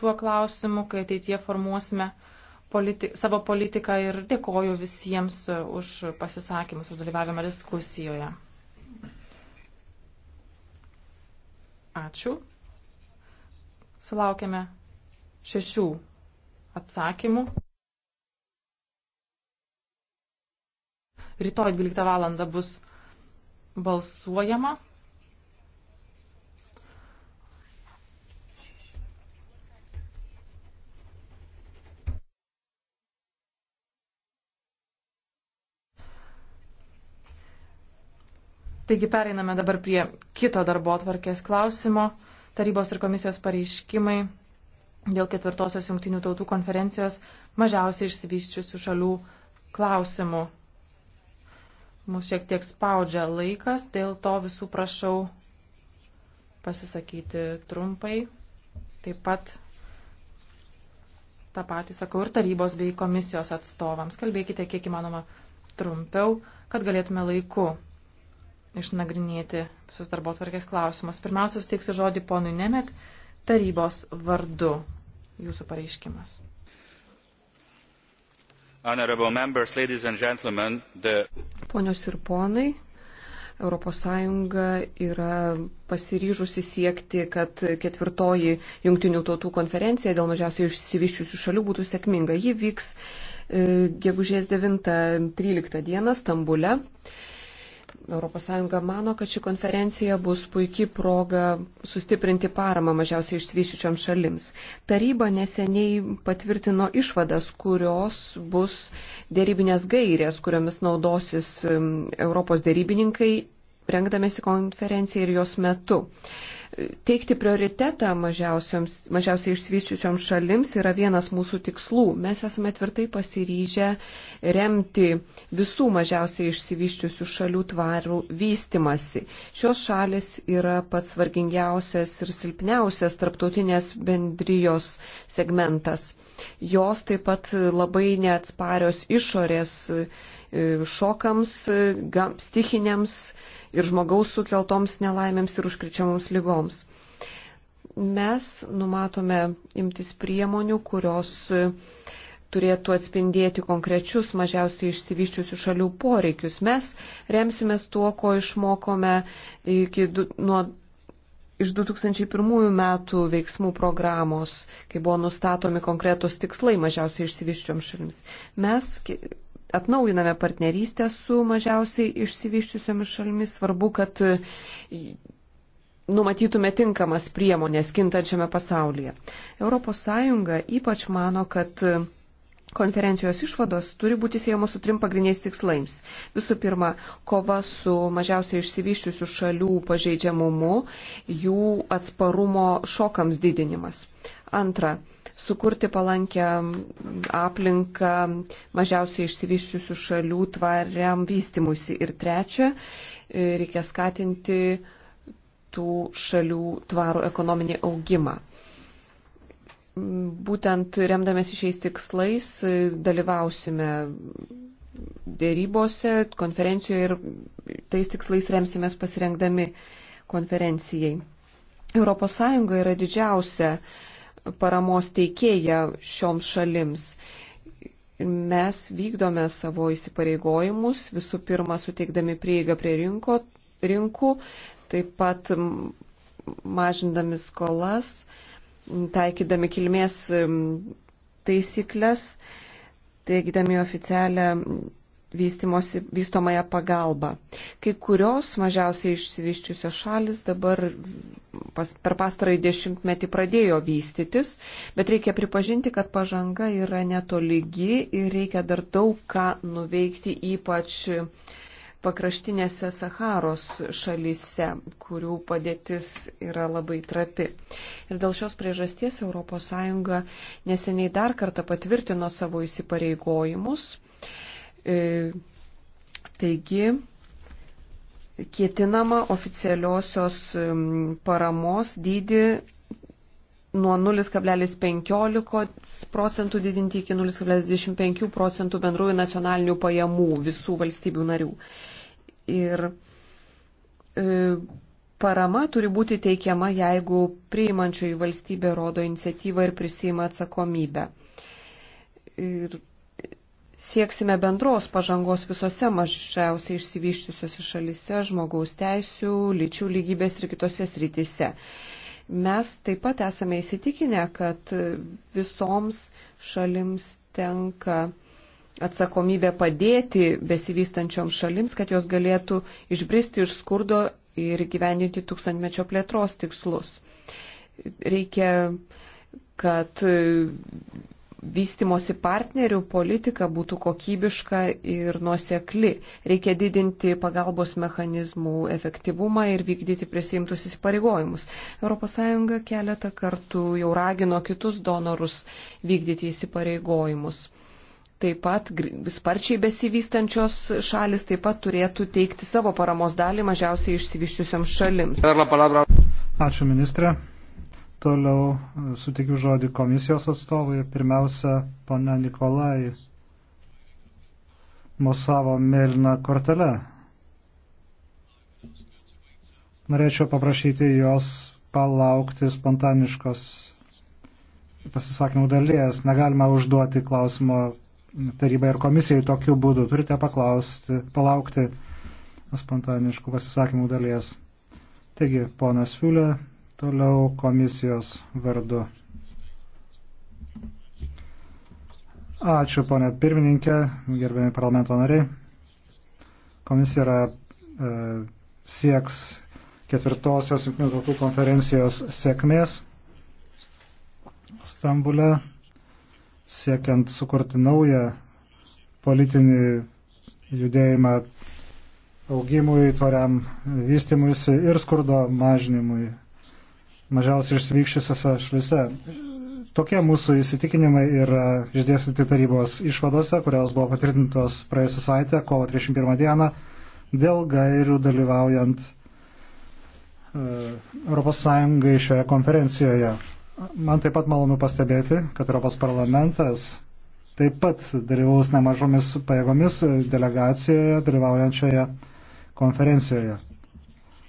tuo klausimu, kai ateitie formuosime politi savo politiką ir dėkoju visiems e, už pasisakymus, už dalyvavimą diskusijoje. Ačiū. Sulaukėme šešių atsakymų. Rytoj 12 val. bus balsuojama. Taigi pereiname dabar prie kito darbo atvarkės klausimo. Tarybos ir komisijos pareiškimai dėl ketvirtosios jungtinių tautų konferencijos mažiausiai išsivyščiusių šalių klausimų. Mūsų šiek tiek spaudžia laikas, dėl to visų prašau pasisakyti trumpai. Taip pat tą patį sakau ir tarybos bei komisijos atstovams. Kalbėkite kiek įmanoma trumpiau, kad galėtume laiku išnagrinėti visus darbo tvarkės klausimus. Pirmiausia, suteiksiu žodį ponui Nemet tarybos vardu. Jūsų pareiškimas. Members, the... Ponios ir ponai, ES yra pasiryžusi siekti, kad ketvirtoji jungtinių tautų konferencija dėl mažiausiai išsivyščiusių šalių būtų sėkminga. Ji vyks e, gegužės 9-13 dieną Stambule. E, ES mano, kad ši konferencija bus puikiai proga sustiprinti paramą mažiausiai išsivyščiučiom šalims. Taryba neseniai patvirtino išvadas, kurios bus dėrybinės gairės, kuriomis naudosis um, Europos dėrybininkai, rengdamėsi konferencijai ir jos metu teikti prioritetą mažiausiai išsvyščiučioms šalims yra vienas mūsų tikslų. Mes esame tvirtai pasiryžę remti visų mažiausiai išsivyščiusių šalių tvarų vystimasi. Šios šalis yra pats vargingiausias ir silpniausias tarptautinės bendrijos segmentas. Jos taip pat labai neatsparios išorės e, šokams, e, stikiniams ir žmogaus sukeltoms nelaimėms ir užkričiamoms lygoms. Mes numatome imtis priemonių, kurios turėtų atspindėti konkrečius mažiausiai išsivyščiusių šalių poreikius. Mes remsimės tuo, ko išmokome iki, nuo iš 2001 metų veiksmų programos, kai buvo nustatomi konkretus tikslai mažiausiai išsivyščioms šalims. Mes atnaujiname partnerystę su mažiausiai išsivyščiusiomis šalimis. Svarbu, kad numatytume tinkamas priemonės kintančiame pasaulyje. ES ypač mano, kad Konferencijos išvados turi būti siejamos su trim pagrindiniais tikslais. Visų pirma, kova su mažiausiai išsivyščiusių šalių pažeidžiamumu, jų atsparumo šokams didinimas. Antra, sukurti palankę aplinką mažiausiai išsivyščiusių šalių tvariam vystimusi. Ir trečia, e, reikia skatinti tų šalių tvarų ekonominį augimą. Būtent remdamėsi šiais tikslais e, dalyvausime dėrybose, konferencijoje ir tais tikslais remsimės pasirengdami konferencijai. ES yra didžiausia paramos teikėja šioms šalims. Mes vykdome savo įsipareigojimus, visų pirma, suteikdami prieigą prie rinko, rinkų, taip pat mažindami skolas, taikydami kilmės taisyklės, teikdami oficialią vystomąją pagalbą. Kai kurios mažiausiai išsivyščiusios šalis dabar pas, per pastarąjį dešimtmetį pradėjo vystytis, bet reikia pripažinti, kad pažanga yra netolygi ir reikia dar daug ką nuveikti, ypač pakraštinėse Saharos šalyse, kurių padėtis yra labai trapi. Ir dėl šios priežasties ES neseniai dar kartą patvirtino savo įsipareigojimus E, taigi, kėtinama oficialiosios paramos dydį nuo 0,15 procentų didinti iki 0,25 procentų bendrųjų nacionalinių pajamų visų valstybių narių. Ir e, parama turi būti teikiama, jeigu priimančioji valstybė rodo iniciatyvą ir prisima atsakomybę. Ir sieksime bendros pažangos visose mažiausiai išsivyščiusiose šalise žmogaus teisų, lyčių lygybės ir kitose srityse. Mes taip pat esame įsitikinę, kad visoms šalims tenka atsakomybė padėti besivystančioms šalims, kad jos galėtų išbristi iš skurdo ir gyveninti tūkstantmečio plėtros tikslus. Reikia, kad vystimosi partnerių politika būtų kokybiška ir nuosekli. Reikia didinti pagalbos mechanizmų efektyvumą ir vykdyti prisimtus įsipareigojimus. ES keletą kartų jau ragino kitus donorus vykdyti įsipareigojimus. Taip pat sparčiai besivystančios šalis taip pat turėtų teikti savo paramos dalį mažiausiai išsivyščiusiams šalims. Ačiū ministrė. Toliau e, sutikiu žodį komisijos atstovui. Pirmiausia, pana Nikolai mosavo mėlyną kortelę. Norėčiau paprašyti jos palaukti spontaniškos pasisakymų dalies. Negalima užduoti klausimo tarybai ir komisijai tokiu būdu. Turite paklausti, palaukti spontaniškų pasisakymų dalies. Taigi, ponas Fiulė, Toliau komisijos vardu. Ačiū, ponė pirmininkė, gerbiami parlamento nariai. Komisija yra, e, sieks ketvirtosios jungtinių tautų konferencijos sėkmės Stambule, siekiant sukurti naują politinį judėjimą augimui, tvariam vystimuisi ir skurdo mažinimui mažiausiai išsivykščiusiose šalise. Tokie mūsų įsitikinimai yra išdėstyti tarybos išvadose, kurios buvo patvirtintos praėjusią savaitę, kovo 31 dieną, dėl gairių dalyvaujant ES šioje konferencijoje. Man taip pat malonu pastebėti, kad Europos parlamentas taip pat dalyvaus nemažomis pajėgomis delegacijoje dalyvaujančioje konferencijoje.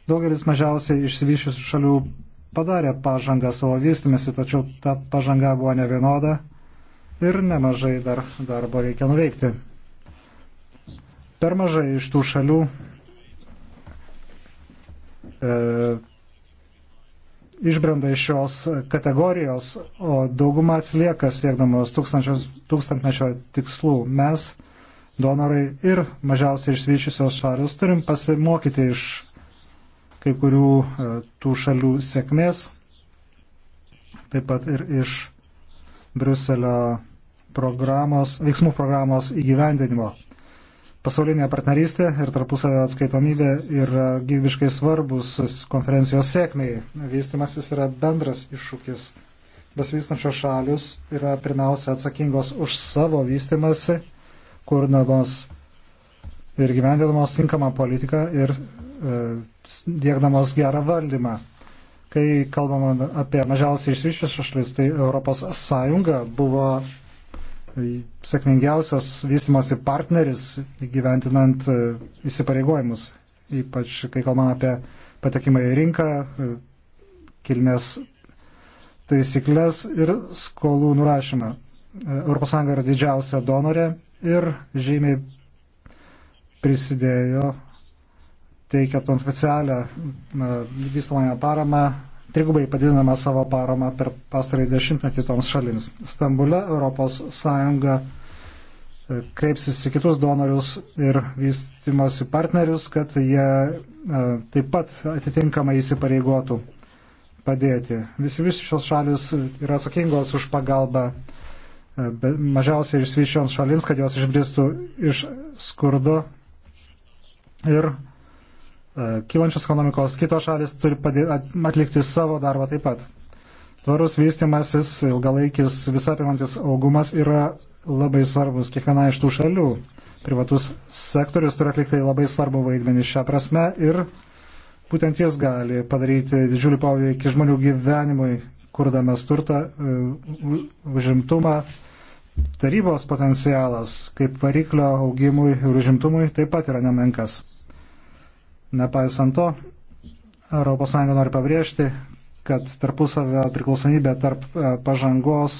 Daugelis mažiausiai išsivyščiusių šalių padarė pažangą savo vystimėsi, tačiau ta pažanga buvo nevienoda ir nemažai dar darbo reikia nuveikti. Per mažai iš tų šalių e, išbrenda iš šios kategorijos, o dauguma atsilieka siekdamos tūkstantmečio tikslų. Mes, donorai ir mažiausiai išvyčiusios šalis, turim pasimokyti iš kai kurių e, tų šalių sėkmės, taip pat ir iš Bruselio programos, veiksmų programos įgyvendinimo. Pasaulinė partnerystė ir tarpusavio atskaitomybė yra gyvybiškai svarbus konferencijos sėkmiai. Vystimasis yra bendras iššūkis. Besivystančios šalius yra pirmiausia atsakingos už savo vystimasi, kurdamos ir gyvendinamos tinkamą politiką ir E, dėkdamos gerą valdymą. Kai kalbama apie mažiausiai išsivyščiusias šalis, tai ES buvo e, sėkmingiausias vystimosi partneris gyventinant e, įsipareigojimus, ypač kai kalbama apie patekimą į rinką, kilmės taisyklės ir skolų nurašymą. ES yra didžiausia donorė ir žymiai prisidėjo teikia oficialią vystamąją paramą, trigubai padidinama savo paramą per pastarąjį dešimtmetį kitoms šalims. Stambule ES e, kreipsis į kitus donorius ir vystimosi partnerius, kad jie e, taip pat atitinkamai įsipareigotų padėti. Visi, visi šios šalis yra atsakingos už pagalbą e, mažiausiai išsvyščioms šalims, kad jos išbristų iš skurdo ir E, kylančios ekonomikos, kitos šalis turi atlikti savo darbą taip pat. Tvarus vystimasis, ilgalaikis, visapimantis augumas yra labai svarbus kiekviena iš tų šalių. Privatus sektorius turi atlikti labai svarbu vaidmenį šią prasme ir būtent jis gali padaryti didžiulį poveikį žmonių gyvenimui, kurdamas turtą, e, užimtumą. Tarybos potencialas kaip variklio augimui ir užimtumui taip pat yra nemenkas. Nepaisant to, ES nori pabrėžti, kad tarpusavio priklausomybė tarp e, pažangos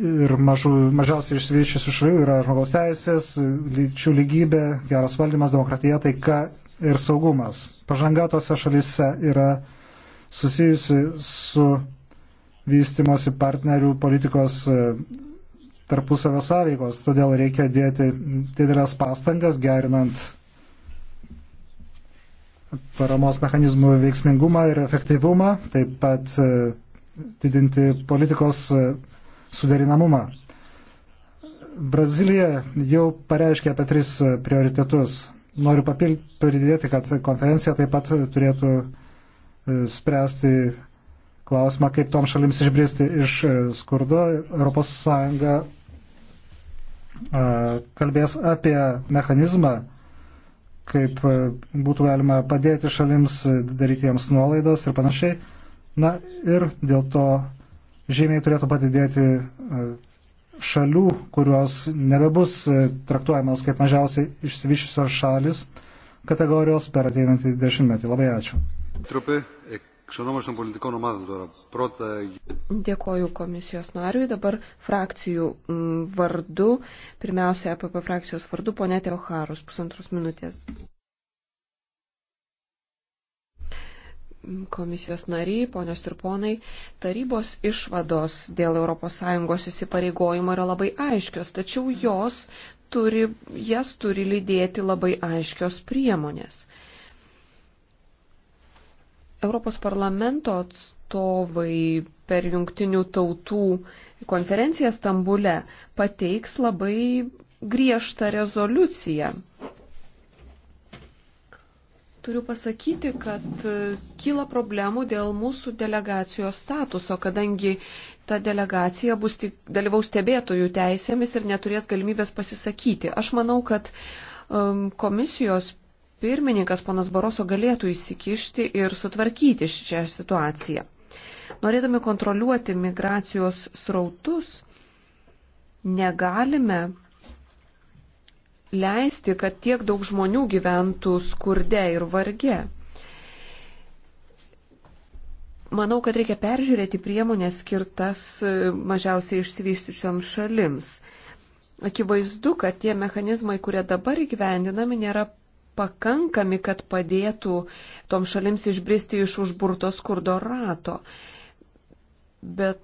ir mažų, mažiausiai išsivyščiusių šalių yra žmogaus teisės, lyčių lygybė, geras valdymas, demokratija, taika ir saugumas. Pažanga tose šalise yra susijusi su vystimosi partnerių politikos e, tarpusavio sąveikos, todėl reikia dėti didelės pastangas gerinant paramos mechanizmų veiksmingumą ir efektyvumą, taip pat e, didinti politikos e, suderinamumą. Brazilija jau pareiškė apie tris e, prioritetus. Noriu pridėti, kad konferencija taip pat turėtų spręsti klausimą, kaip tom šalims išbristi iš skurdo. ES kalbės apie mechanizmą, kaip būtų galima padėti šalims, daryti jiems nuolaidos ir panašiai. Na ir dėl to žymiai turėtų padidėti šalių, kurios nebebus traktuojamos kaip mažiausiai išsivyšusios šalis kategorijos per ateinantį dešimtmetį. Labai ačiū. Trupi, Dėkoju komisijos nariui. Dabar frakcijų mm, vardu, pirmiausia, APP frakcijos vardu, ponė Teoharus, pusantros minutės. Komisijos nariai, ponios ir ponai, tarybos išvados dėl ES įsipareigojimo yra labai aiškios, tačiau jos turi, jas turi lydėti labai aiškios priemonės. Europos parlamento atstovai per jungtinių tautų konferenciją Stambule pateiks labai griežtą rezoliuciją. Turiu pasakyti, kad e, kyla problemų dėl mūsų delegacijos statuso, kadangi ta delegacija bus tik dalyvaus stebėtojų teisėmis ir neturės galimybės pasisakyti. Aš manau, kad um, komisijos pirmininkas ponas Baroso galėtų įsikišti ir sutvarkyti šią situaciją. Norėdami kontroliuoti migracijos srautus, negalime leisti, kad tiek daug žmonių gyventų skurde ir varge. Manau, kad reikia peržiūrėti priemonės skirtas e, mažiausiai išsivystyčioms šalims. Akivaizdu, kad tie mechanizmai, kurie dabar įgyvendinami, nėra pakankami, kad padėtų tom šalims išbristi iš užburto skurdo rato. Bet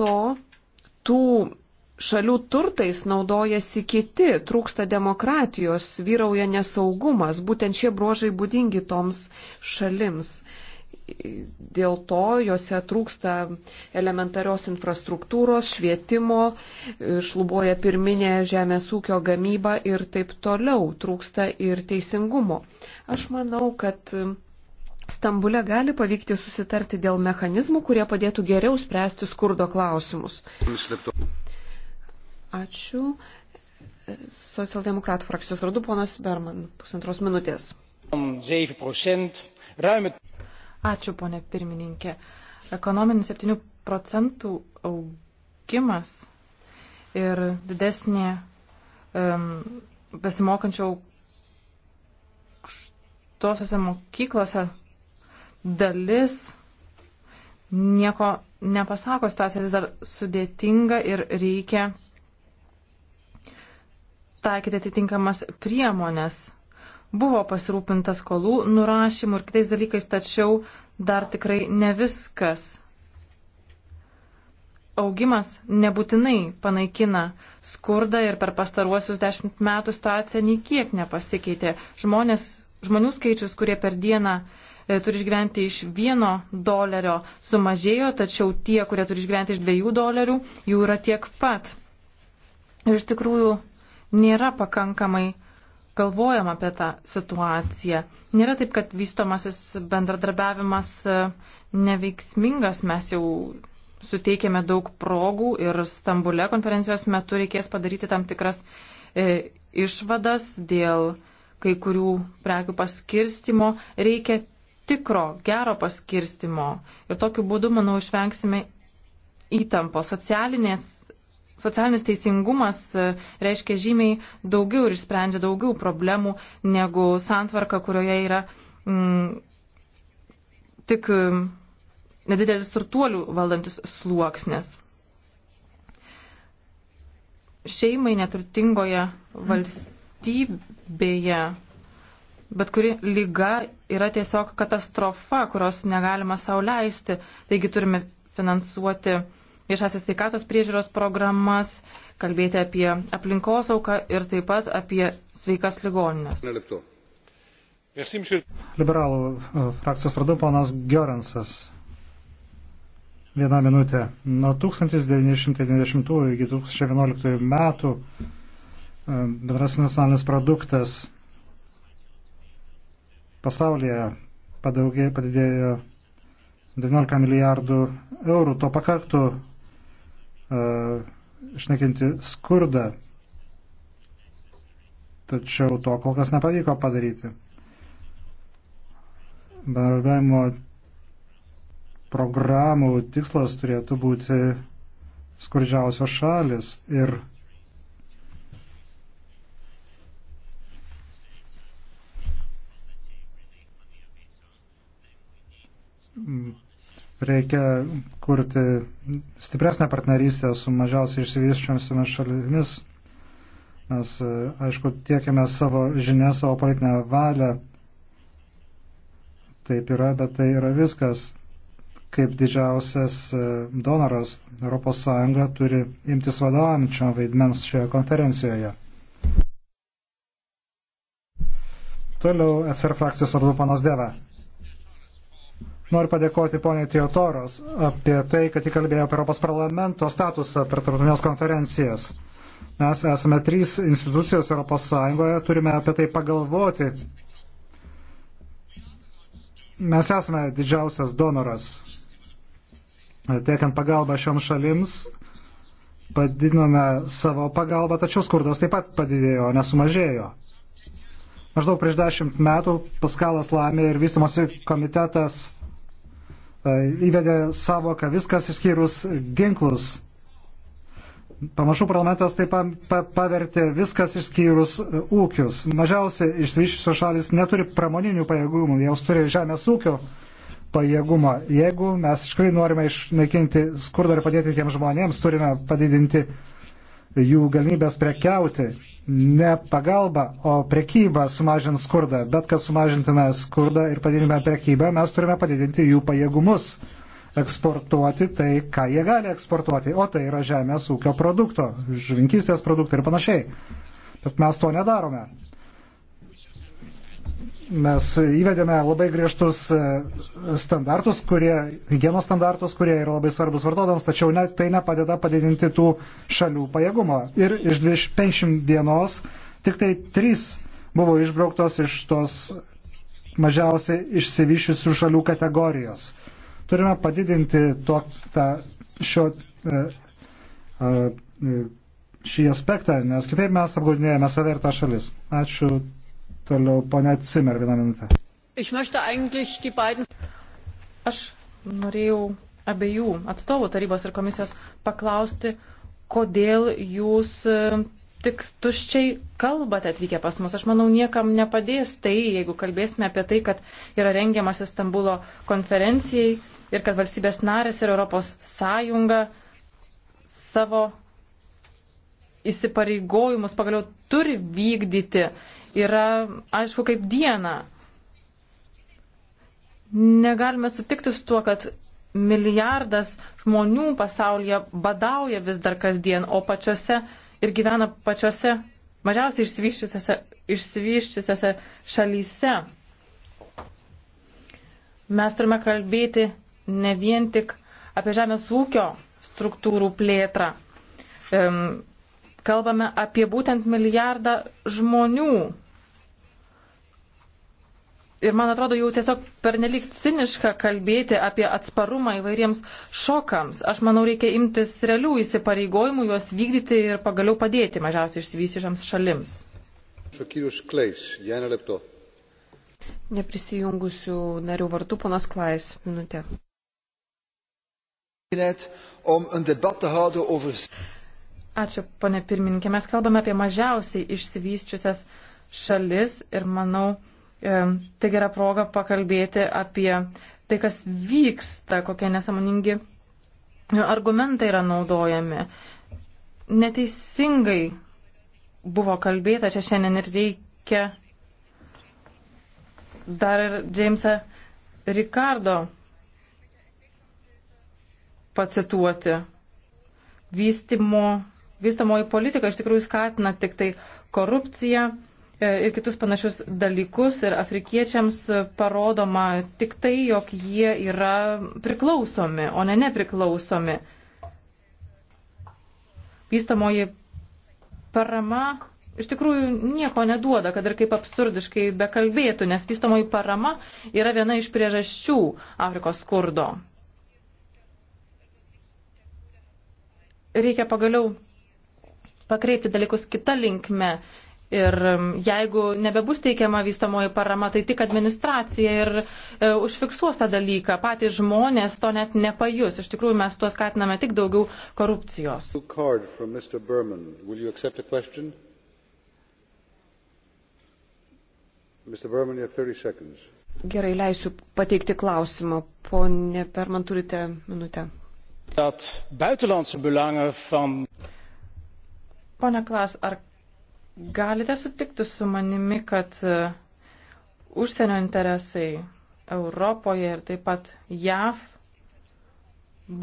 to tų šalių turtais naudojasi kiti, trūksta demokratijos, vyrauja nesaugumas, būtent šie bruožai būdingi toms šalims dėl to juose trūksta elementarios infrastruktūros, švietimo, šlubuoja pirminė žemės ūkio gamyba ir taip toliau, trūksta ir teisingumo. Aš manau, kad Stambule gali pavykti susitarti dėl mechanizmų, kurie padėtų geriau spręsti skurdo klausimus. Ačiū. Socialdemokratų frakcijos vardu ponas Berman, pusantros minutės. 7%, ruim het Ačiū, ponė pirmininkė. Ekonominis 7 procentų augimas ir didesnė um, besimokančio aukštosiose mokyklose dalis nieko nepasako, situacija vis dar sudėtinga ir reikia taikyti atitinkamas priemonės Buvo pasirūpinta skolų nurašymų ir kitais dalykais, tačiau dar tikrai ne viskas. Augimas nebūtinai panaikina skurdą ir per pastaruosius dešimt metų situacija nei kiek nepasikeitė. Žmonės, žmonių skaičius, kurie per dieną e, turi išgyventi iš vieno dolerio sumažėjo, tačiau tie, kurie turi išgyventi iš dviejų dolerių, jų yra tiek pat. Ir iš tikrųjų nėra pakankamai galvojam apie tą situaciją. Nėra taip, kad vystomasis bendradarbiavimas e, neveiksmingas, mes jau suteikėme daug progų ir Stambule konferencijos metu reikės padaryti tam tikras e, išvadas dėl kai kurių prekių paskirstimo. Reikia tikro, gero paskirstimo ir tokiu būdu, manau, išvengsime įtampos, socialinės Socialinis teisingumas e, reiškia žymiai daugiau ir išsprendžia daugiau problemų negu santvarka, kurioje yra mm, tik e, nedidelis turtuolių valdantis sluoksnis. Šeimai neturtingoje valstybėje bet kuri lyga yra tiesiog katastrofa, kurios negalima sauliaisti. Taigi turime finansuoti viešasis sveikatos priežiūros programas, kalbėti apie aplinkosauką ir taip pat apie sveikas ligoninės. Liberalų e, frakcijos vardu ponas Giorensas. Viena minutė. Nuo 1990 iki 2011 metų e, bendras nacionalinis produktas pasaulyje padaugė, padidėjo 19 milijardų eurų. To pakaktų išnekinti skurdą. Tačiau to kol kas nepavyko padaryti. Bendradarbiavimo programų tikslas turėtų būti skurdžiausios šalis ir mm, reikia kurti stipresnę partnerystę su mažiausiai išsivyščiomis šalimis. Mes, aišku, tiekime savo žinias, savo politinę valią. Taip yra, bet tai yra viskas. Kaip didžiausias e, donoras ES turi imtis vadovaujančio vaidmens šioje konferencijoje. Toliau atsir frakcijos vardu panas Deva. Noriu padėkoti poniai Teotoros apie tai, kad įkalbėjo Europos parlamento statusą per tarptautinės konferencijas. Mes esame trys institucijos Europos Sąjungoje, turime apie tai pagalvoti. Mes esame didžiausias donoras. Tiekant pagalbą šioms šalims, padidinome savo pagalbą, tačiau skurdas taip pat padidėjo, nesumažėjo. Maždaug prieš dešimt metų Paskalas Lamė ir vystimosi komitetas E, įvedė savoką viskas išskyrus ginklus. Pamažu parlamentas taip pavertė viskas išskyrus ūkius. Mažiausiai išsivyščiusios šalis neturi pramoninių pajėgumų, jos turi žemės ūkio pajėgumą. Jeigu mes iš tikrųjų norime išnaikinti skurdą ir padėti tiems žmonėms, turime padidinti uh, jų galimybės prekiauti. Ne pagalba, o prekyba sumažins skurdą, bet kad sumažintume skurdą ir padidintume prekybą, mes turime padidinti jų pajėgumus eksportuoti tai, ką jie gali eksportuoti, o tai yra žemės ūkio produkto, žvinkystės produktai ir panašiai. Bet mes to nedarome mes įvedėme labai griežtus e, standartus, kurie, hygienos standartus, kurie yra labai svarbus vartotojams, tačiau ne, tai nepadeda padidinti tų šalių pajėgumą. Ir iš 50 dienos tik tai 3 buvo išbrauktos iš tos mažiausiai išsivyšiusių šalių kategorijos. Turime padidinti to, tą, šio, e, e, šį aspektą, nes kitaip mes apgaudinėjame save ir tą šalis. Ačiū. Toliau ponia Cimer, vieną minutę. Aš norėjau abiejų atstovų tarybos ir komisijos paklausti, kodėl jūs e, tik tuščiai kalbate atvykę pas mus. Aš manau, niekam nepadės tai, jeigu kalbėsime apie tai, kad yra rengiamas Istanbulo konferencijai ir kad valstybės narės ir Europos sąjunga savo įsipareigojimus pagaliau turi vykdyti yra aišku kaip diena. Negalime sutikti su tuo, kad milijardas žmonių pasaulyje badauja vis dar kasdien, o pačiose ir gyvena pačiose mažiausiai išsivyščiusiose šalyse. Mes turime kalbėti ne vien tik apie žemės ūkio struktūrų plėtrą, um, kalbame apie būtent milijardą žmonių. Ir man atrodo, jau tiesiog pernelik ciniška kalbėti apie atsparumą įvairiems šokams. Aš manau, reikia imtis realių įsipareigojimų, juos vykdyti ir pagaliau padėti mažiausiai išsivysiušiams šalims. Neprisijungusių narių vardu, ponas Klais, minutė. Ačiū, ponė pirmininkė. Mes kalbame apie mažiausiai išsivysčiusias šalis ir manau, e, tai gera proga pakalbėti apie tai, kas vyksta, kokie nesąmoningi argumentai yra naudojami. Neteisingai buvo kalbėta, čia šiandien ir reikia dar ir Džeimsą Ricardo pacituoti. Vystimo vystomoji politika iš tikrųjų skatina tik tai korupciją e, ir kitus panašius dalykus ir afrikiečiams parodoma tik tai, jog jie yra priklausomi, o ne nepriklausomi. Vystomoji parama iš tikrųjų nieko neduoda, kad ir kaip absurdiškai bekalbėtų, nes vystomoji parama yra viena iš priežasčių Afrikos skurdo. Reikia pagaliau pakreipti dalykus kitą linkmę. Ir um, jeigu nebebus teikiama vystamoji parama, tai tik administracija ir e, užfiksuos tą dalyką. Patys žmonės to net nepajus. Iš tikrųjų, mes tuos skatiname tik daugiau korupcijos. Berman, Gerai, leisiu pateikti klausimą. Pone Perman, turite minutę. Dat buitenlandse belangen van. Pone Klas, ar galite sutikti su manimi, kad e, užsienio interesai Europoje ir taip pat JAV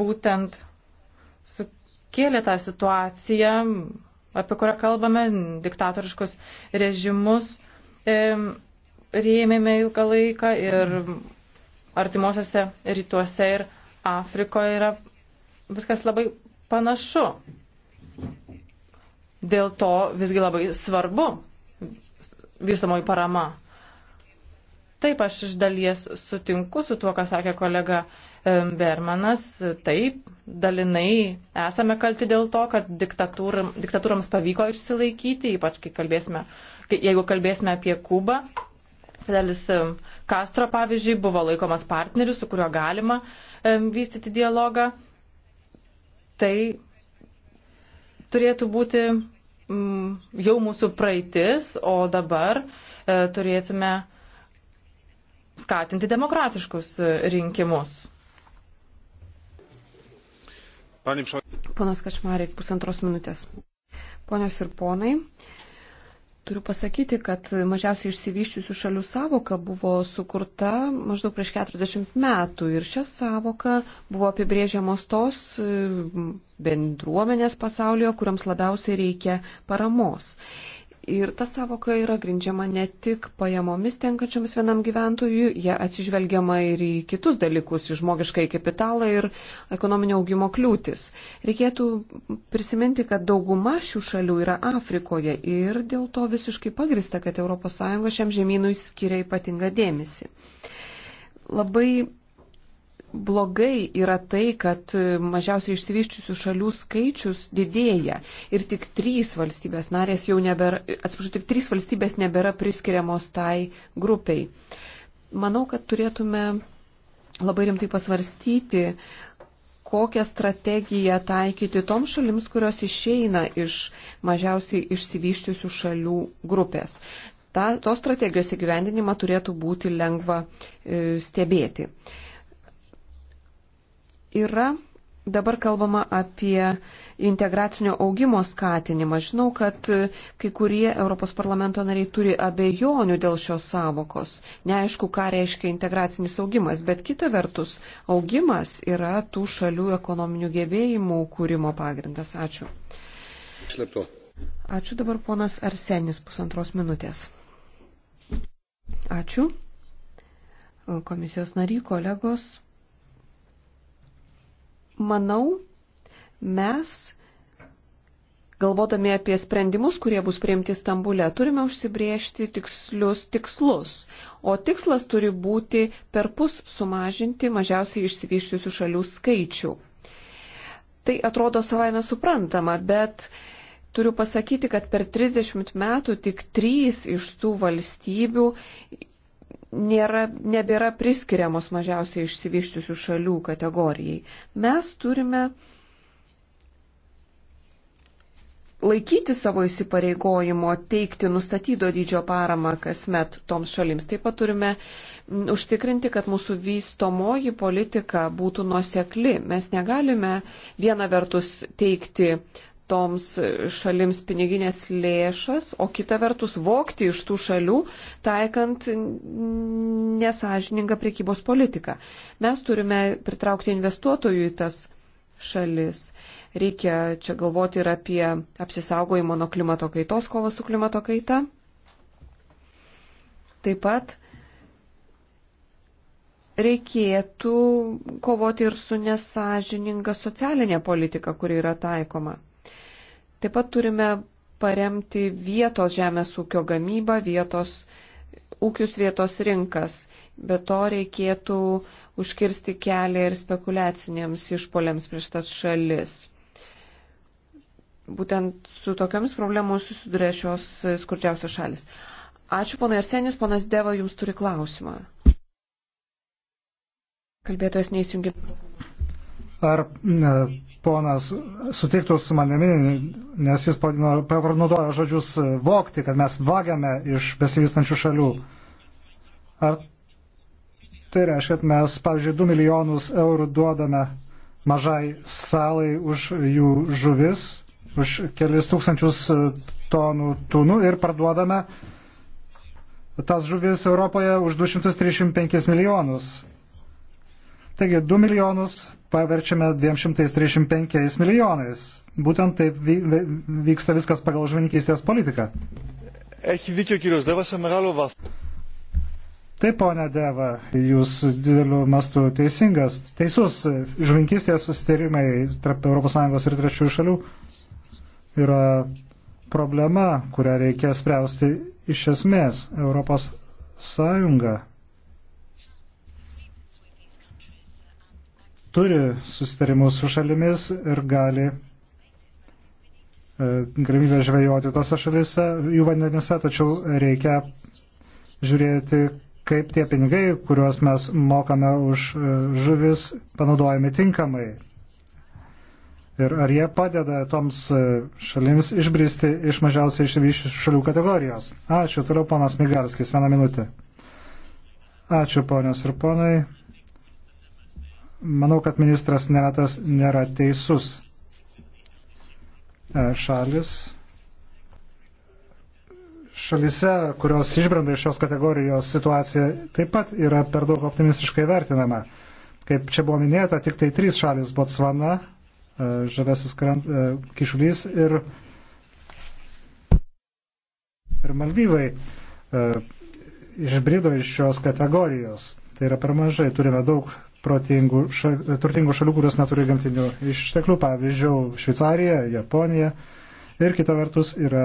būtent sukėlė tą situaciją, apie kurią kalbame, diktatoriškus režimus e, rėmėme ilgą laiką ir artimuosiuose rytuose ir Afrikoje yra viskas labai panašu. Dėl to visgi labai svarbu vystamoji parama. Taip, aš iš dalies sutinku su tuo, ką sakė kolega Bermanas. Taip, dalinai esame kalti dėl to, kad diktatūram, diktatūrams pavyko išsilaikyti, ypač kai kalbėsime, kai, jeigu kalbėsime apie Kubą. Fidelis Castro, pavyzdžiui, buvo laikomas partneris, su kuriuo galima vystyti dialogą. Tai turėtų būti mm, jau mūsų praeitis, o dabar e, turėtume skatinti demokratiškus e, rinkimus. Panas Kačmarek, pusantros minutės. Ponios ir ponai, Turiu pasakyti, kad mažiausiai išsivyščiusių šalių savoka buvo sukurta maždaug prieš 40 metų ir šią savoką buvo apibrėžiamos tos e, bendruomenės pasaulyje, kuriams labiausiai reikia paramos. Ir ta savoka yra grindžiama ne tik pajamomis tenkačioms vienam gyventojui, jie atsižvelgiama ir į kitus dalykus, į žmogiškai kapitalą ir ekonominio augimo kliūtis. Reikėtų prisiminti, kad dauguma šių šalių yra Afrikoje ir dėl to visiškai pagrista, kad ES šiam žemynui skiria ypatingą dėmesį. Labai blogai yra tai, kad mažiausiai išsivyščiusių šalių skaičius didėja ir tik trys valstybės narės jau nebėra, atsiprašau, tik trys valstybės nebėra priskiriamos tai grupiai. Manau, kad turėtume labai rimtai pasvarstyti, kokią strategiją taikyti toms šalims, kurios išeina iš mažiausiai išsivyščiusių šalių grupės. Ta, tos strategijos įgyvendinimą turėtų būti lengva e, stebėti. E, yra dabar kalbama apie integracinio augimo skatinimą. Žinau, kad kai kurie Europos parlamento nariai turi abejonių dėl šios savokos. Neaišku, ką reiškia integracinis augimas, bet kita vertus, augimas yra tų šalių ekonominių gebėjimų kūrimo pagrindas. Ačiū. Slėptu. Ačiū dabar ponas Arsenis pusantros minutės. Ačiū. Komisijos nariai, kolegos manau, mes, galvodami apie sprendimus, kurie bus priimti Stambulė, turime užsibriežti tikslius tikslus. O tikslas turi būti per pus sumažinti mažiausiai išsivyščiusių šalių skaičių. Tai atrodo savaime suprantama, bet turiu pasakyti, kad per 30 metų tik trys iš tų valstybių nėra, nebėra priskiriamos mažiausiai išsivyščiusių šalių kategorijai. Mes turime laikyti savo įsipareigojimo teikti nustatyto dydžio paramą kasmet toms šalims. Taip pat turime užtikrinti, kad mūsų vystomoji politika būtų nuosekli. Mes negalime viena vertus teikti toms šalims piniginės lėšas, o kita vertus vokti iš tų šalių, taikant nesažiningą priekybos politiką. Mes turime pritraukti investuotojų į tas šalis. Reikia čia galvoti ir apie apsisaugojimą nuo klimato kaitos, kovą su klimato kaita. Taip pat reikėtų kovoti ir su nesažininga socialinė politika, kuri yra taikoma. Taip pat turime paremti vietos žemės ūkio gamybą, vietos ūkius, vietos rinkas. Be to reikėtų užkirsti kelią ir spekuliaciniams išpoliams prieš tas šalis. Būtent su tokiamis problemomis susiduria šios skurdžiausios šalis. Ačiū, ponai Arsenis, ponas Deva, jums turi klausimą. Kalbėtojas neįsijungi. Ar ne, ponas sutiktų su manimi, nes jis pavarnaudojo žodžius e, vokti, kad mes vagiame iš besivystančių šalių. Ar tai reiškia, kad mes, pavyzdžiui, 2 milijonus eurų duodame mažai salai už jų žuvis, už kelis tūkstančius e, tonų tūnų ir parduodame tas žuvis Europoje už 235 milijonus. Taigi 2 milijonus paverčiame 235 milijonais. Būtent taip vyksta viskas pagal žvininkystės politiką. Taip, ponė Deva, jūs dideliu mastu teisingas, teisus, žvininkystės susitarimai tarp ES ir trečiųjų šalių yra problema, kurią reikia spręsti iš esmės. ES turi susitarimus su šalimis ir gali e, galimybę žvejoti tose šalise, jų vandenise, tačiau reikia žiūrėti, kaip tie pinigai, kuriuos mes mokame už e, žuvis, panaudojami tinkamai. Ir ar jie padeda toms e, šalims išbristi iš mažiausiai išsivyščiusių šalių kategorijos. Ačiū, toliau ponas Migalskis, vieną minutę. Ačiū ponios ir ponai. Manau, kad ministras Neretas nėra teisus. E, šalis. Šalise, kurios išbrenda iš šios kategorijos, situacija taip pat yra per daug optimistiškai vertinama. Kaip čia buvo minėta, tik tai trys šalis - Botsvana, e, Žalesis e, Kišulys ir, ir Maldyvai išbrido iš šios kategorijos. Tai yra per mažai. Turime daug protingų, šal, turtingų šalių, kurios neturi gamtinių išteklių, pavyzdžiui, Šveicarija, Japonija. Ir kita vertus yra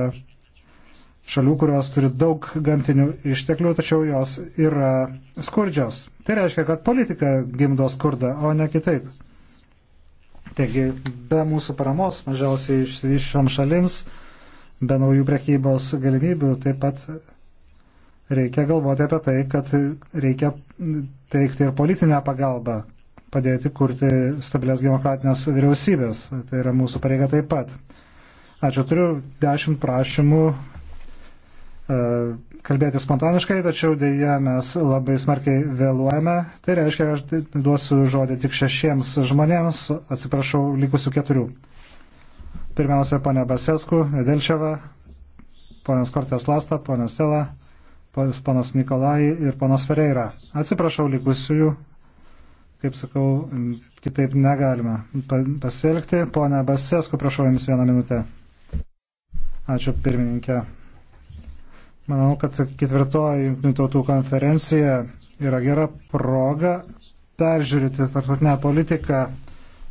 šalių, kurios turi daug gamtinių išteklių, tačiau jos yra skurdžios. Tai reiškia, kad politika gimdo skurdą, o ne kitaip. Taigi, be mūsų paramos mažiausiai išsivyščiom šalims, be naujų prekybos galimybių, taip pat reikia galvoti apie tai, kad reikia teikti ir politinę pagalbą, padėti kurti stabilias demokratinės vyriausybės. Tai yra mūsų pareiga taip pat. Ačiū, turiu dešimt prašymų e, kalbėti spontaniškai, tačiau dėja mes labai smarkiai vėluojame. Tai reiškia, aš duosiu žodį tik šešiems žmonėms, atsiprašau, likusių keturių. Pirmiausia, ponia Basesku, Delčiava, ponas Kortės Lasta, ponas Stela, panas Nikolai ir panas Ferreira. Atsiprašau likusiųjų, kaip sakau, kitaip negalime pasielgti. Pone Basesku, prašau Jums vieną minutę. Ačiū pirmininkė. Manau, kad ketvirtoji Junktinių tautų konferencija yra gera proga peržiūrėti tarptautinę politiką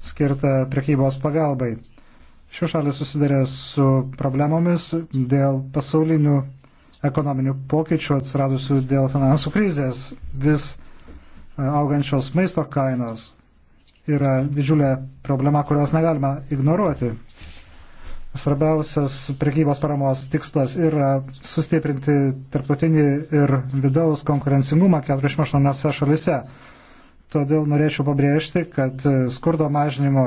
skirtą prekybos pagalbai. Šių šalis susidarė su problemomis dėl pasaulinių ekonominių pokyčių atsiradusių dėl finansų krizės. Vis e, augančios maisto kainos yra didžiulė problema, kurios negalima ignoruoti. Svarbiausias prekybos paramos tikslas yra sustiprinti tarptautinį ir vidaus konkurencingumą 48 šalise. Todėl norėčiau pabrėžti, kad e, skurdo mažinimo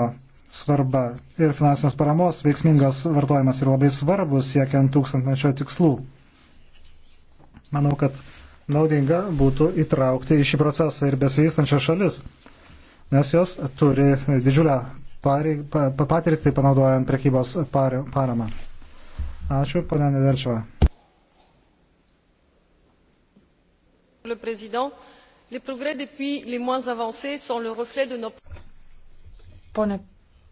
svarba ir finansinės paramos veiksmingas vartojimas yra labai svarbus siekiant tūkstantmečio tikslų. Manau, kad naudinga būtų įtraukti į šį procesą ir besivystančias šalis, nes jos turi didžiulę patirtį panaudojant prekybos paramą. Ačiū, ponia Nederčiova. Le Président, les progrès des pays les moins avancés sont le reflet de nos. Pone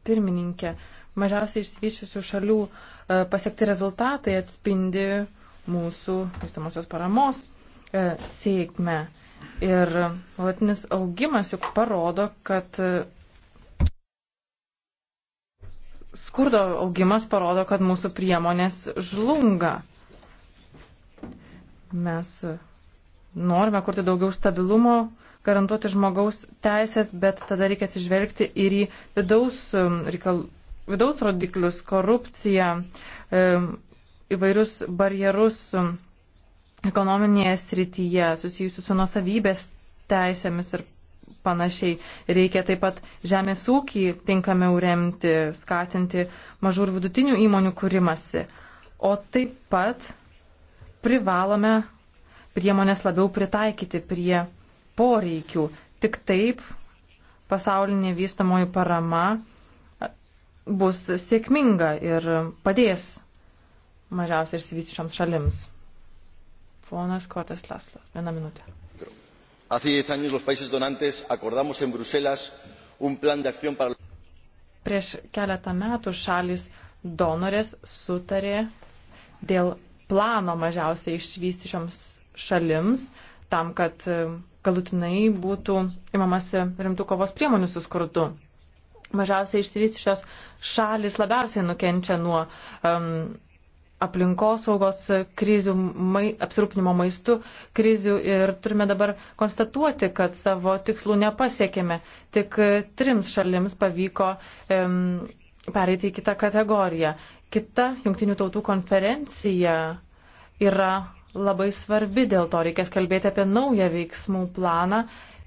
pirmininkė, mažiausiai išsivyščiusių šalių e, pasiekti rezultatai atspindi mūsų vystamosios paramos e, sėkmę. Ir latinis augimas juk parodo, kad e, skurdo augimas parodo, kad mūsų priemonės žlunga. Mes e, norime kurti daugiau stabilumo, garantuoti žmogaus teisės, bet tada reikia atsižvelgti ir į vidaus, e, reikal, vidaus rodiklius, korupciją, įvairius barjerus ekonominėje srityje susijusius su nusavybės teisėmis ir panašiai. Reikia taip pat žemės ūkį tinkamiau remti, skatinti mažų ir vidutinių įmonių kūrimasi. O taip pat privalome priemonės labiau pritaikyti prie poreikių. Tik taip pasaulinė vystamoji parama bus sėkminga ir padės mažiausiai išsivystyčioms šalims. Ponas Kortas Laslo, vieną minutę. Hace 10 años los países donantes acordamos en Bruselas un plan de acción para. Prieš keletą metų šalis donorės sutarė dėl plano mažiausiai išsivystyčioms šalims, tam, kad e, galutinai būtų imamasi rimtų kovos priemonių su skurdu mažiausiai išsivystysios šalis labiausiai nukenčia nuo um, aplinkosaugos krizių, mai, apsirūpinimo maistu krizių ir turime dabar konstatuoti, kad savo tikslų nepasiekėme. Tik trims šalims pavyko um, pereiti į kitą kategoriją. Kita jungtinių tautų konferencija yra labai svarbi, dėl to reikės kalbėti apie naują veiksmų planą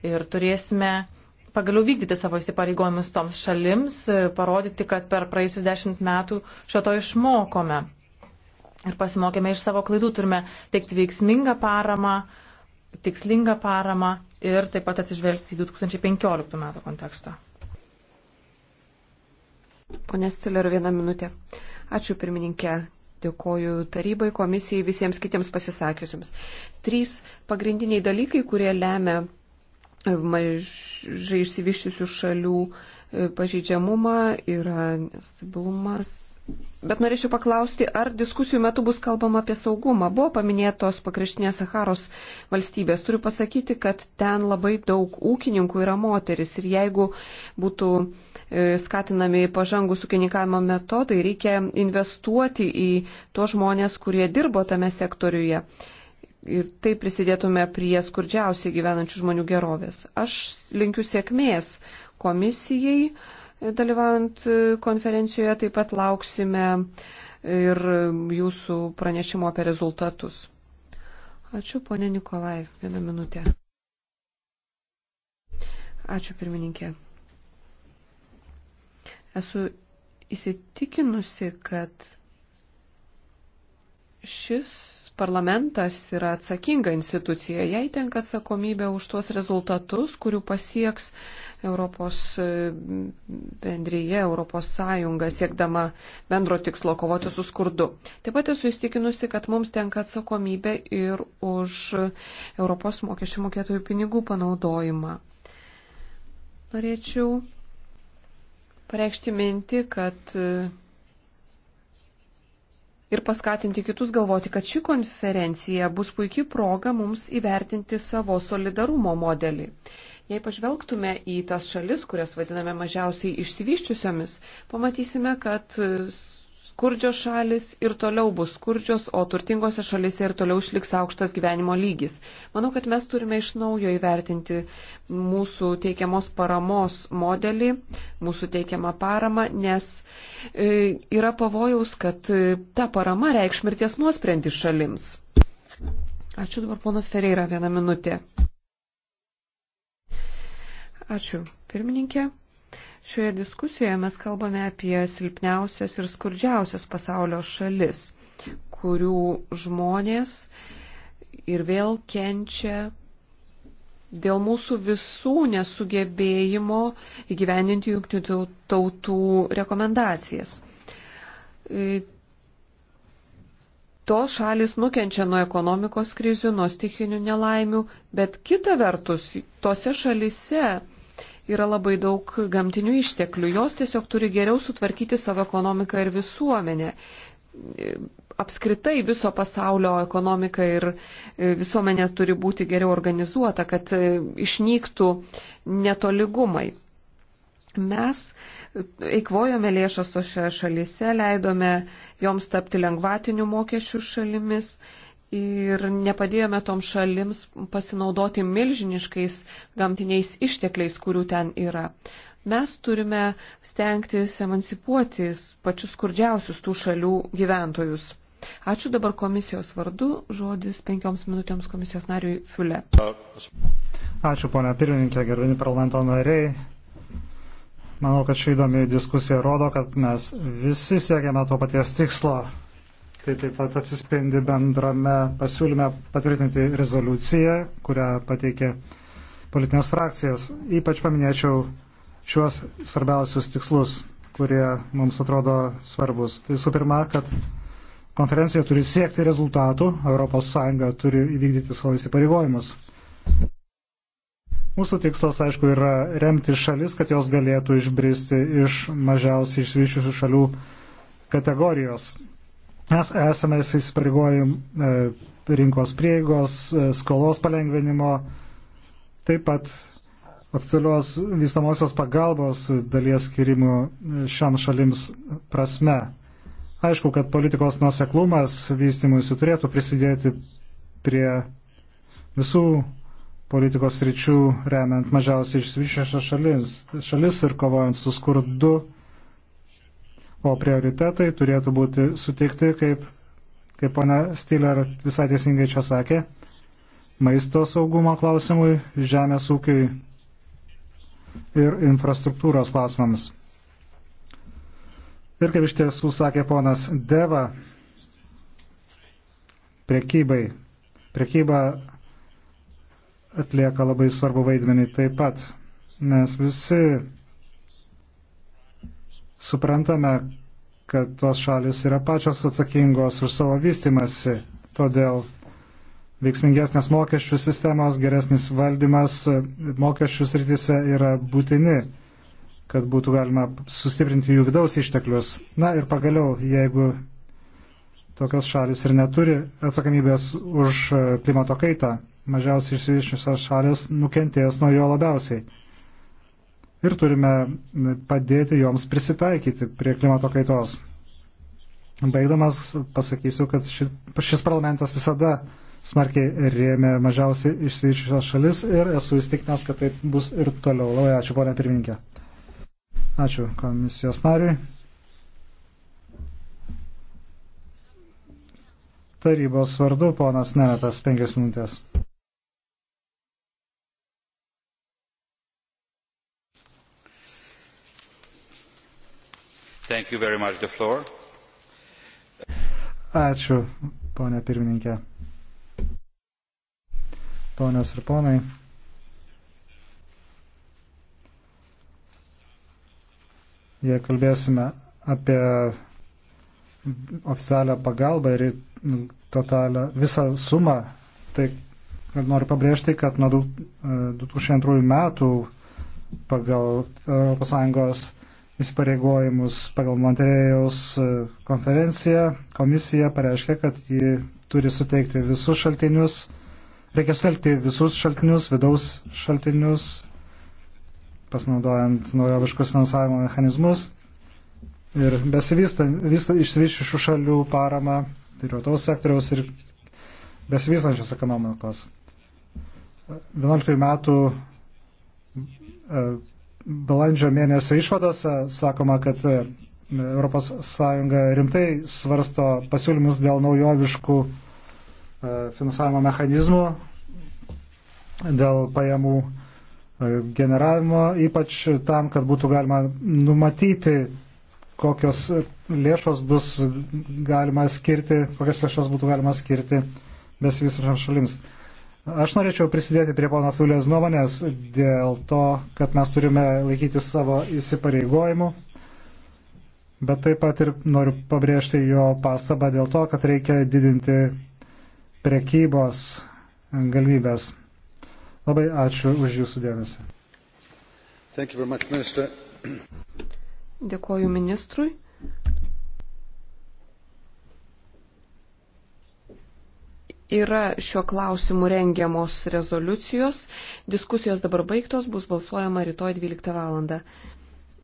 ir turėsime pagaliau vykdyti savo įsipareigojimus toms šalims, parodyti, kad per praėjusius dešimt metų šio to išmokome ir pasimokėme iš savo klaidų, turime teikti veiksmingą paramą, tikslingą paramą ir taip pat atsižvelgti į 2015 metų kontekstą. Pone Stiller, vieną minutę. Ačiū pirmininkė. Dėkoju tarybai, komisijai, visiems kitiems pasisakiusiems. Trys pagrindiniai dalykai, kurie lemia mažai išsivyščiusių šalių e, pažeidžiamumą, yra stabilumas, Bet norėčiau paklausti, ar diskusijų metu bus kalbama apie saugumą. Buvo paminėtos pakraštinės Saharos valstybės. Turiu pasakyti, kad ten labai daug ūkininkų yra moteris. Ir jeigu būtų e, skatinami pažangų sukininkavimo metodai, reikia investuoti į tos žmonės, kurie dirbo tame sektoriuje. Ir taip prisidėtume prie skurdžiausiai gyvenančių žmonių gerovės. Aš linkiu sėkmės komisijai dalyvaujant konferencijoje, taip pat lauksime ir jūsų pranešimo apie rezultatus. Ačiū, ponė Nikolai, vieną minutę. Ačiū, pirmininkė. Esu įsitikinusi, kad šis parlamentas yra atsakinga institucija, jai tenka atsakomybė už tuos rezultatus, kurių pasieks Europos e, bendryje, Europos sąjunga, siekdama bendro tikslo kovoti su skurdu. Taip pat esu įstikinusi, kad mums tenka atsakomybė ir už Europos mokesčių mokėtojų pinigų panaudojimą. Norėčiau pareikšti mintį, kad e, ir paskatinti kitus galvoti, kad ši konferencija bus puikiai proga mums įvertinti savo solidarumo modelį. Jei pažvelgtume į tas šalis, kurias vadiname mažiausiai išsivyščiusiomis, pamatysime, kad skurdžios šalis ir toliau bus skurdžios, o turtingose šalise ir toliau išliks aukštas gyvenimo lygis. Manau, kad mes turime iš naujo įvertinti mūsų teikiamos paramos modelį, mūsų teikiamą paramą, nes e, yra pavojaus, kad e, ta parama reikš mirties nuosprendį šalims. Ačiū dabar ponas Ferreira, vieną minutę. Ačiū, pirmininkė. Šioje diskusijoje mes kalbame apie silpniausias ir skurdžiausias pasaulio šalis, kurių žmonės ir vėl kenčia dėl mūsų visų nesugebėjimo įgyvendinti jungtinių tautų rekomendacijas. E, tos šalis nukenčia nuo ekonomikos krizių, nuo stichinių nelaimių, bet kita vertus, tose šalise yra labai daug gamtinių išteklių. Jos tiesiog turi geriau sutvarkyti savo ekonomiką ir visuomenę. Apskritai viso pasaulio ekonomika ir e, visuomenė turi būti geriau organizuota, kad e, išnyktų netoligumai. Mes e, eikvojome lėšas tose šalise, leidome joms tapti lengvatinių mokesčių šalimis ir nepadėjome tom šalims pasinaudoti milžiniškais gamtiniais ištekliais, kurių ten yra. Mes turime stengtis emancipuoti pačius skurdžiausius tų šalių gyventojus. Ačiū dabar komisijos vardu. Žodis penkioms minutėms komisijos nariui Fiule. Ačiū, ponia pirmininkė, gerbini parlamento nariai. Manau, kad ši įdomi diskusija rodo, kad mes visi siekiame to paties tikslo Tai taip pat atsispindi bendrame pasiūlyme patvirtinti rezoliuciją, kurią pateikė politinės frakcijas. Ypač paminėčiau šiuos svarbiausius tikslus, kurie mums atrodo svarbus. Visų pirma, kad konferencija turi siekti rezultatų, ES turi įvykdyti savo įsipareigojimus. Mūsų tikslas, aišku, yra remti šalis, kad jos galėtų išbristi iš mažiausiai išvyščiusių šalių kategorijos. Mes esame įsipareigojim e, rinkos prieigos, e, skolos palengvinimo, taip pat oficialios vystamosios pagalbos dalies skirimų e, šiam šalims prasme. Aišku, kad politikos nuoseklumas vystimuisi turėtų prisidėti prie visų politikos ryčių, remiant mažiausiai išsivyšęs šalis, šalis ir kovojant su skurdu o prioritetai turėtų būti sutikti, kaip, kaip pana Stiller visai teisingai čia sakė, maisto saugumo klausimui, žemės ūkiui ir infrastruktūros klausimams. Ir kaip iš tiesų sakė ponas Deva, prekybai. Prekyba atlieka labai svarbu vaidmenį taip pat, nes visi Suprantame, kad tos šalis yra pačios atsakingos už savo vystimasi, todėl veiksmingesnės mokesčių sistemos, geresnis valdymas mokesčių srityse yra būtini, kad būtų galima sustiprinti jų vidaus išteklius. Na ir pagaliau, jeigu tokios šalis ir neturi atsakomybės už klimato kaitą, mažiausiai išsivyščiusios šalis nukentės nuo jo labiausiai ir turime padėti joms prisitaikyti prie klimato kaitos. Baigdamas pasakysiu, kad šis, šis parlamentas visada smarkiai rėmė mažiausiai išsivyčiusios šalis ir esu įstikinęs, kad taip bus ir toliau. Labai ačiū, ponė pirmininkė. Ačiū komisijos nariui. Tarybos vardu ponas Nemetas, penkias minutės. Ačiū, ponė pirmininkė. Ponios ir ponai. Jei kalbėsime apie oficialią pagalbą ir totalią visą sumą, tai noriu pabrėžti, kad nuo 2002 e, metų pagal ES įsipareigojimus pagal Monterėjaus e, konferenciją, komisija pareiškia, kad ji turi suteikti visus šaltinius, reikia sutelkti visus šaltinius, vidaus šaltinius, pasinaudojant naujoviškus finansavimo mechanizmus ir besivystančių šalių paramą, tai yra tos sektoriaus ir besivystančios ekonomikos. 11 metų e, balandžio mėnesio išvadose sakoma, kad ES rimtai svarsto pasiūlymus dėl naujoviškų e, finansavimo mechanizmų, dėl pajamų e, generavimo, ypač tam, kad būtų galima numatyti, kokios lėšos bus galima skirti, kokias lėšas būtų galima skirti besivysančiams šalims. Aš norėčiau prisidėti prie pono Fulės nuomonės dėl to, kad mes turime laikyti savo įsipareigojimų, bet taip pat ir noriu pabrėžti jo pastabą dėl to, kad reikia didinti prekybos galimybės. Labai ačiū už jūsų dėmesį. Much, minister. Dėkoju ministrui. Yra šiuo klausimu rengiamos rezoliucijos. Diskusijos dabar baigtos, bus balsuojama rytoj 12 val.